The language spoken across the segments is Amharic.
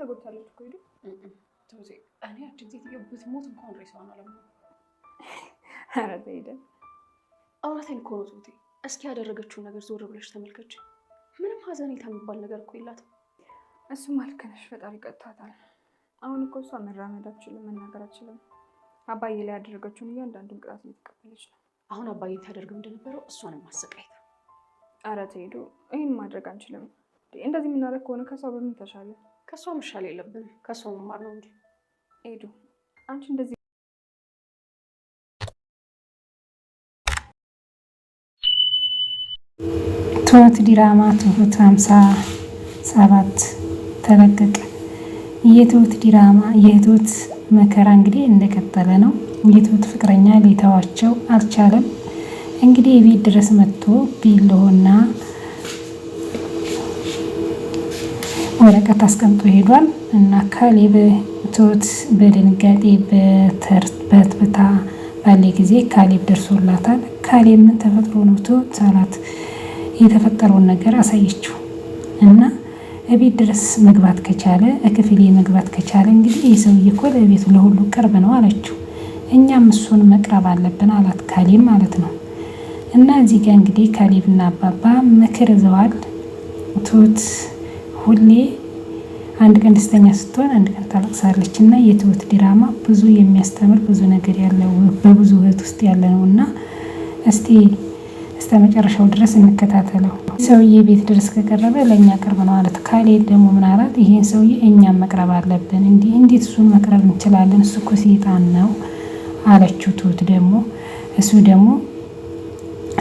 ተጎድታለች እኮ ሂዱ። እኔ ያችን ሴትዮ ብትሞት እንኳን ሬሳዋን አለምነው። ኧረ ተሄደን እውነቴን እኮ ነው ትሁቴ። እስኪ ያደረገችውን ነገር ዞር ብለሽ ተመልከች። ምንም ሀዘኔታ የሚባል ነገር እኮ የላትም። እሱማ ልክ ነሽ፣ ፈጣሪ ቀጥታታል። አሁን እኮ እሷ መራመድ አችልም፣ መናገር አችልም። አባዬ ላይ ያደረገችውን እያንዳንዱን ቅጣት እየተቀበለች ነው። አሁን አባዬ ታደርገው እንደነበረው እሷንም ማሰቃየት። ኧረ ተሄዱ፣ ይህን ማድረግ አንችልም። እንደዚህ የምናደርግ ከሆነ ከሷ በምን ተሻለ? ከእሷ መሻል የለብንም። ከእሷ መማር ነው እንጂ ሄዱ አንቺ እንደዚህ ትሁት ዲራማ ትሁት ሀምሳ ሰባት ተለቀቀ። የትሁት ዲራማ የትሁት መከራ እንግዲህ እንደቀጠለ ነው። የትሁት ፍቅረኛ ሊተዋቸው አልቻለም። እንግዲህ የቤት ድረስ መጥቶ ቢለሆና ወረቀት አስቀምጦ ሄዷል እና ካሌ በትሁት በድንጋጤ በትርበትብታ ባለ ጊዜ ካሌብ ደርሶላታል። ካሌብ ምን ተፈጥሮ ነው ትሁት ሳላት የተፈጠረውን ነገር አሳየችው እና እቤት ድረስ መግባት ከቻለ ክፍሌ መግባት ከቻለ እንግዲህ ይህ ሰውዬ እኮ ለቤቱ ለሁሉ ቅርብ ነው አለችው። እኛም እሱን መቅረብ አለብን አላት ካሌብ ማለት ነው። እና እዚህ ጋ እንግዲህ ካሌብና አባባ ምክር ይዘዋል ትሁት ሁሌ አንድ ቀን ደስተኛ ስትሆን አንድ ቀን ታለቅሳለች እና የትሁት ድራማ ብዙ የሚያስተምር ብዙ ነገር ያለው በብዙ ህይወት ውስጥ ያለ ነው እና እስቲ እስከ መጨረሻው ድረስ እንከታተለው። ሰውዬ ቤት ድረስ ከቀረበ ለእኛ ቅርብ ነው አለት። ካሌብ ደግሞ ምናራት ይሄን ሰውዬ እኛም መቅረብ አለብን። እንዲ እንዴት እሱን መቅረብ እንችላለን? እሱ እኮ ሴጣን ነው አለችው ትሁት ደግሞ እሱ ደግሞ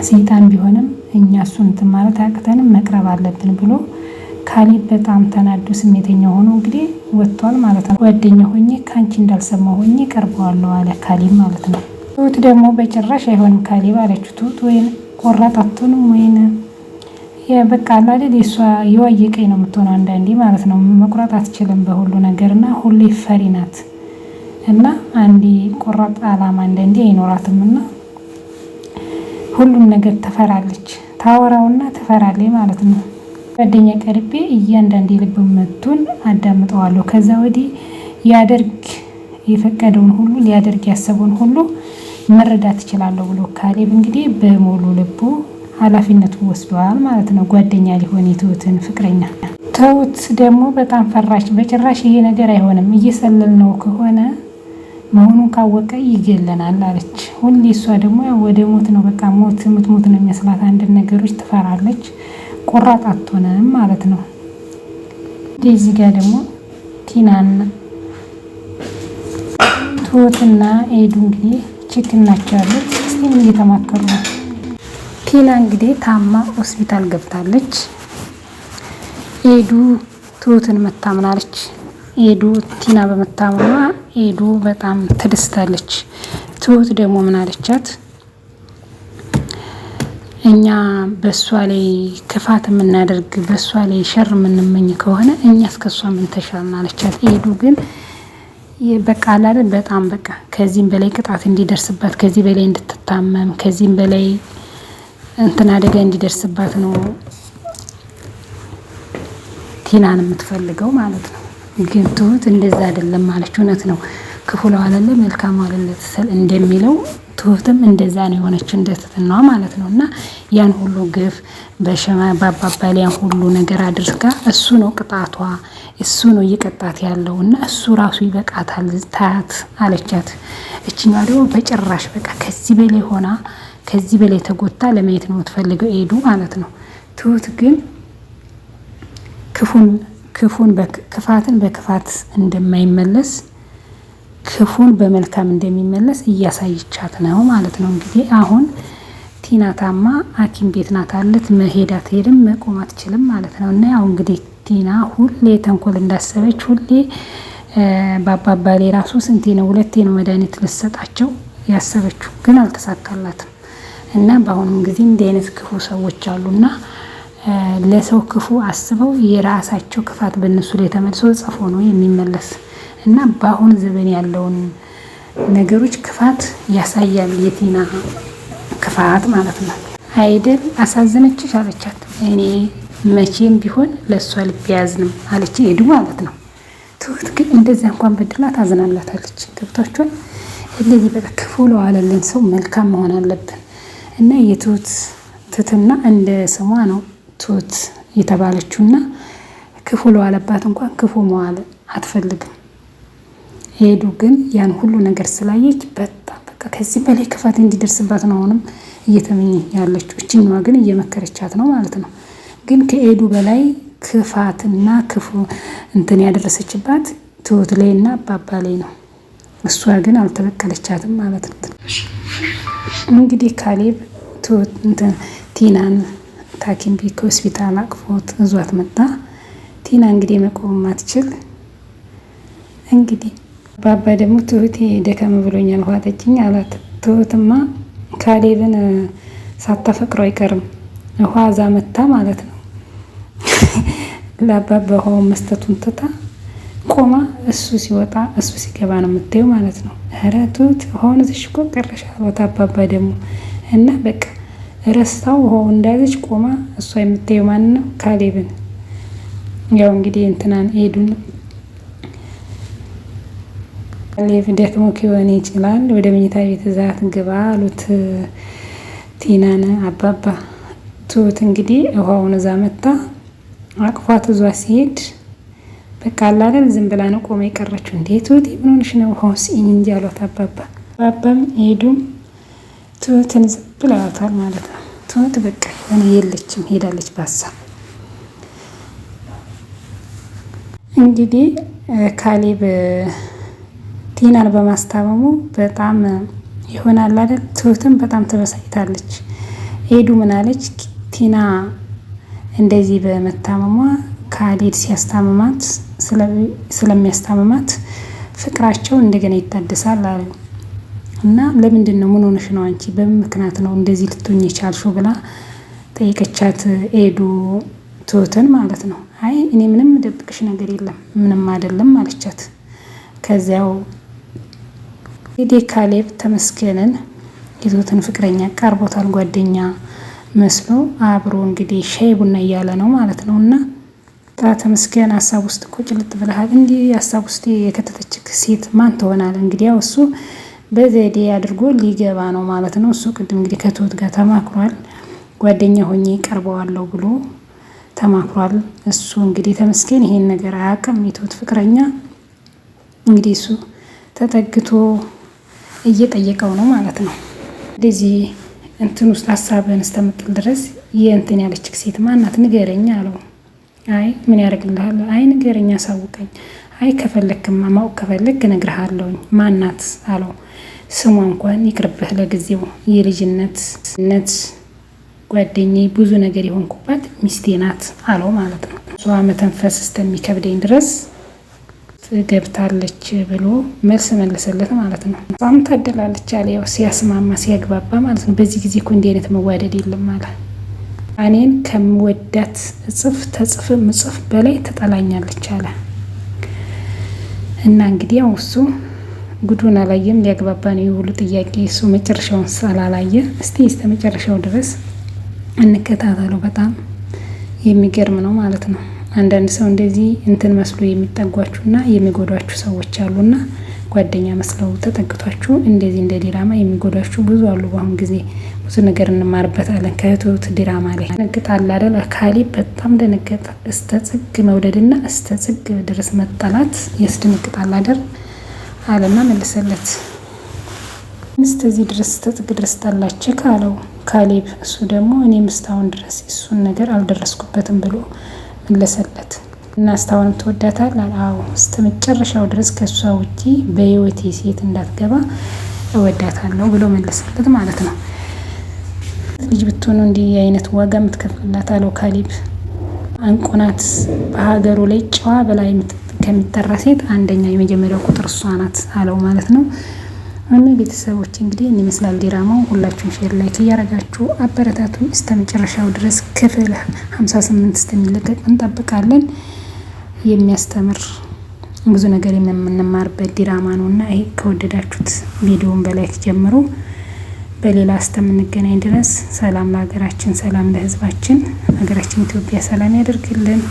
ሴጣን ቢሆንም እኛ እሱን እንትን ማለት አቅተንም መቅረብ አለብን ብሎ ካሌብ በጣም ተናዶ ስሜተኛ ሆኖ እንግዲህ ወጥቷል ማለት ነው። ጓደኛ ሆኜ ከአንቺ እንዳልሰማ ሆኜ ቀርበዋለሁ አለ ካሌብ ማለት ነው። ትሁት ደግሞ በጭራሽ አይሆንም ካሌብ አለችው። ትሁት ወይን ቆራጣቱን ወይን በቃ አላደል የእሷ የዋየቀኝ ነው የምትሆነው አንዳንዴ ማለት ነው። መቁረጥ አትችልም በሁሉ ነገር እና ሁሌ ፈሪ ናት እና አንዴ ቆራጥ አላማ አንዳንዴ አይኖራትም እና ሁሉም ነገር ትፈራለች። ታወራውና ትፈራለች ማለት ነው። ጓደኛ ቀርቤ እያንዳንድ የልብ መቱን አዳምጠዋለሁ። ከዛ ወዲህ ያደርግ የፈቀደውን ሁሉ ሊያደርግ ያሰበውን ሁሉ መረዳት እችላለሁ ብሎ ካሌብ እንግዲህ በሙሉ ልቡ ኃላፊነቱ ወስደዋል ማለት ነው። ጓደኛ ሊሆን የትሁትን ፍቅረኛ ትሁት ደግሞ በጣም ፈራች። በጭራሽ ይሄ ነገር አይሆንም፣ እየሰለል ነው ከሆነ መሆኑን ካወቀ ይገለናል አለች። ሁሌ እሷ ደግሞ ወደ ሞት ነው በቃ ሞት ምትሞት ነው የሚያስላት አንድ ነገሮች ትፈራለች። ቆራጥ አትሆንም ማለት ነው። እዚህ ጋር ደግሞ ቲናና ትሁትና ኤዱ እንግዲህ ችግር ናቸው ያሉት። እስቲ ምን እየተማከሩ ነው? ቲና እንግዲህ ታማ ሆስፒታል ገብታለች። ኤዱ ትሁትን መታምናለች። ኤዱ ቲና በመታመኗ ኤዱ በጣም ተደስታለች። ትሁት ደግሞ ምን አለቻት? እኛ በእሷ ላይ ክፋት የምናደርግ በእሷ ላይ ሸር የምንመኝ ከሆነ እኛ እስከ እሷ ምን ተሻልን አለቻት። ሄዱ ግን በቃ አላለ በጣም በቃ ከዚህም በላይ ቅጣት እንዲደርስባት ከዚህ በላይ እንድትታመም ከዚህም በላይ እንትን አደጋ እንዲደርስባት ነው ቲናን የምትፈልገው ማለት ነው። ግን ትሁት እንደዛ አይደለም ማለች እውነት ነው። ክፉ ለዋለለ መልካም ዋለለት ትሰል እንደሚለው ትሁትም እንደዛ ነው የሆነችው፣ እንደ ትትናዋ ማለት ነው። እና ያን ሁሉ ግፍ በሸማ በአባባል ያን ሁሉ ነገር አድርጋ እሱ ነው ቅጣቷ፣ እሱ ነው እየቀጣት ያለው እና እሱ ራሱ ይበቃታል ታያት አለቻት። እችኛ ደግሞ በጭራሽ በቃ ከዚህ በላይ ሆና ከዚህ በላይ ተጎታ ለማየት ነው የምትፈልገው ኤዱ ማለት ነው። ትሁት ግን ክፉን ክፉን በክፋትን በክፋት እንደማይመለስ ክፉን በመልካም እንደሚመለስ እያሳይቻት ነው ማለት ነው። እንግዲህ አሁን ቲና ታማ ሐኪም ቤት ናት አለት መሄድ አትሄድም መቆም አትችልም ማለት ነው። እና ያው እንግዲህ ቲና ሁሌ ተንኮል እንዳሰበች ሁሌ በአባባሌ ራሱ ስንቴ ነው ሁለቴ ነው መድኃኒት ልሰጣቸው ያሰበችው ግን አልተሳካላትም። እና በአሁኑም ጊዜ እንዲህ አይነት ክፉ ሰዎች አሉና ለሰው ክፉ አስበው የራሳቸው ክፋት በእነሱ ላይ ተመልሶ ጽፎ ነው የሚመለስ። እና በአሁን ዘመን ያለውን ነገሮች ክፋት ያሳያል። የቲና ክፋት ማለት ነው አይደል? አሳዘነችሽ አለቻት። እኔ መቼም ቢሆን ለእሷ ልብ ያዝንም አለች ሄዱ ማለት ነው። ትሁት ግን እንደዚያ እንኳን በድላ ታዝናላታለች። ገብቷችኋል? እንደዚህ በቃ ክፉ ለዋለልን ሰው መልካም መሆን አለብን እና የትሁት ትትና እንደ ስሟ ነው ትሁት የተባለችውና ክፉ ለዋለባት እንኳን ክፉ መዋል አትፈልግም። ሄዱ ግን ያን ሁሉ ነገር ስላየች በጣም በቃ ከዚህ በላይ ክፋት እንዲደርስባት ነው አሁንም እየተመኘ ያለች እችኛዋ ግን እየመከረቻት ነው ማለት ነው። ግን ከኤዱ በላይ ክፋትና ክፉ እንትን ያደረሰችባት ትሁት ላይ እና አባባ ላይ ነው። እሷ ግን አልተበከለቻትም ማለት ነው። እንግዲህ ካሌብ ቲናን ታኪም ቤት ከሆስፒታል አቅፎት እዟት መጣ። ቲና እንግዲህ መቆም አትችል እንግዲህ አባባ ደግሞ ትሁቴ ደከም ብሎኛል ውሃ አላት። ትሁትማ ካሌብን ሳታፈቅሮ አይቀርም ውሃ እዛ መታ ማለት ነው። ለአባባ ውሃው መስጠቱን ትታ ቆማ እሱ ሲወጣ እሱ ሲገባ ነው የምታየው ማለት ነው። ኧረ ትሁት ውሃውን እዚሽ እኮ ቀረሻ አሏት አባባ ደግሞ እና በቃ ረስታው ውሃው እንዳያዘች ቆማ እሷ የምታየው ማን ነው? ካሌብን። ያው እንግዲህ እንትናን ሄዱን ደክሞ ሊሆን ይችላል ወደ መኝታ ቤት ዛት ግባ አሉት ቲናን አባባ ትሁት እንግዲህ ውሃውን እዛ መታ አቅፏት እዟ ሲሄድ በቃ አላለም ዝም ብላ ነው ቆመ የቀረችው። እንዴ ትሁት ምን ሆንሽ ነው ውሃው ስኝ እንጂ አሏት አባባ። አባባም ሄዱም ትሁትን ዝም ብላ ማለት ነው። ትሁት በቃ የሆነ የለችም ሄዳለች ባሳ እንግዲህ ካሌብ ቲናን በማስታመሙ በጣም ይሆናል አይደል? ትሁትም በጣም ተበሳጭታለች። ኤዱ ምናለች? ቲና እንደዚህ በመታመሟ ካሊድ ሲያስታምማት ስለሚያስታምማት ፍቅራቸው እንደገና ይታደሳል አሉ እና ለምንድን ነው ምን ሆነሽ ነው አንቺ በምን ምክንያት ነው እንደዚህ ልትሆኝ የቻልሽው ብላ ጠይቀቻት ኤዱ ትሁትን ማለት ነው። አይ እኔ ምንም ደብቅሽ ነገር የለም ምንም አይደለም አለቻት። ከዚያው እንግዲህ ካሌብ ተመስገንን ይዞትን ፍቅረኛ ቀርቦታል። ጓደኛ መስሎ አብሮ እንግዲህ ሻይ ቡና እያለ ነው ማለት ነው። እና ተመስገን ሀሳብ ውስጥ እኮ ጭልጥ ብለሃል። እንዲህ ሀሳብ ውስጥ የከተተች ሴት ማን ትሆናል? እንግዲህ ያው እሱ በዘዴ አድርጎ ሊገባ ነው ማለት ነው። እሱ ቅድም እንግዲህ ከትሁት ጋር ተማክሯል። ጓደኛ ሆኜ ቀርበዋለሁ ብሎ ተማክሯል። እሱ እንግዲህ ተመስገን ይሄን ነገር አያውቅም። የትሁት ፍቅረኛ እንግዲህ እሱ ተጠግቶ እየጠየቀው ነው ማለት ነው። እንደዚህ እንትን ውስጥ ሀሳብን እስተምጥል ድረስ የእንትን ያለች ሴት ማናት ንገረኝ አለው። አይ ምን ያደርግልሃል? አይ ንገረኝ፣ አሳውቀኝ። አይ ከፈለግክማ ማወቅ ከፈለግ እነግርሃለሁኝ ማናት አለው። ስሟ እንኳን ይቅርብህ ለጊዜው የልጅነት ነት ጓደኛ ብዙ ነገር የሆንኩባት ሚስቴ ናት አለው ማለት ነው። እሷ መተንፈስ እስከሚከብደኝ ድረስ ገብታለች ብሎ መልስ መለሰለት ማለት ነው። ም ታደላለች አለ ያው ሲያስማማ ሲያግባባ ማለት ነው። በዚህ ጊዜ እኮ እንዲህ አይነት መዋደድ የለም አለ። እኔን ከምወዳት እጽፍ ተጽፍ ምጽፍ በላይ ትጠላኛለች አለ እና እንግዲህ ያው እሱ ጉዱን አላየም። ሊያግባባ ነው የሁሉ ጥያቄ እሱ መጨረሻውን ስላላየ እስቲ እስከ መጨረሻው ድረስ እንከታተለው። በጣም የሚገርም ነው ማለት ነው። አንዳንድ ሰው እንደዚህ እንትን መስሎ የሚጠጓችሁና የሚጎዷችሁ ሰዎች አሉና ጓደኛ መስለው ተጠግቷችሁ እንደዚህ እንደ ዲራማ የሚጎዷችሁ ብዙ አሉ። በአሁኑ ጊዜ ብዙ ነገር እንማርበታለን። ከህትት ዲራማ ላይ ነግጥ አላደል አካሊ በጣም ደነገጠ። እስተ ጽግ መውደድና እስተ ጽግ ድረስ መጠላት ያስደነግጥ አላደር አለና መልሰለት እስተዚህ ድረስ እስተ ድረስ ጠላቸ ካለው ካሌብ እሱ ደግሞ እኔ ምስታውን ድረስ እሱን ነገር አልደረስኩበትም ብሎ መለሰለት እና እስካሁንም ትወዳታል? አዎ እስከ መጨረሻው ድረስ ከእሷ ውጪ በህይወቴ ሴት እንዳትገባ እወዳታለሁ ብሎ መለሰለት ማለት ነው። ልጅ ብትሆኑ እንዲህ አይነት ዋጋ የምትከፍልላት አለው ካሊብ። እንቁናት በሀገሩ ላይ ጨዋ በላይ ከሚጠራ ሴት አንደኛ የመጀመሪያው ቁጥር እሷ ናት አለው ማለት ነው። እና ቤተሰቦች እንግዲህ ይመስላል ዲራማው። ሁላችሁም ሼር ላይክ እያረጋችሁ አበረታቱ እስከ መጨረሻው ድረስ ክፍል 58 እስከሚለቀቅ እንጠብቃለን። የሚያስተምር ብዙ ነገር የምንማርበት ዲራማ ነው እና ይሄ ከወደዳችሁት ቪዲዮን በላይክ ጀምሩ። በሌላ እስከምንገናኝ ድረስ ሰላም ለሀገራችን፣ ሰላም ለህዝባችን ሀገራችን ኢትዮጵያ ሰላም ያደርግልን።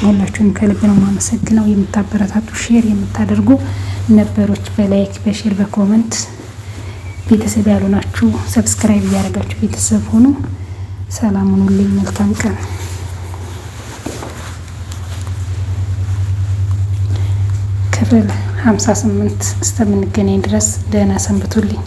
ሁላችሁም ከልብ ነው የማመሰግነው። የምታበረታቱ ሼር የምታደርጉ ነበሮች በላይክ በሼር በኮመንት ቤተሰብ ያሉ ናችሁ። ሰብስክራይብ እያደረጋችሁ ቤተሰብ ሆኑ። ሰላሙን ሁሌ መልካም ቀን ክፍል ስምንት እስከምንገናኝ ድረስ ደህና ሰንብቱልኝ።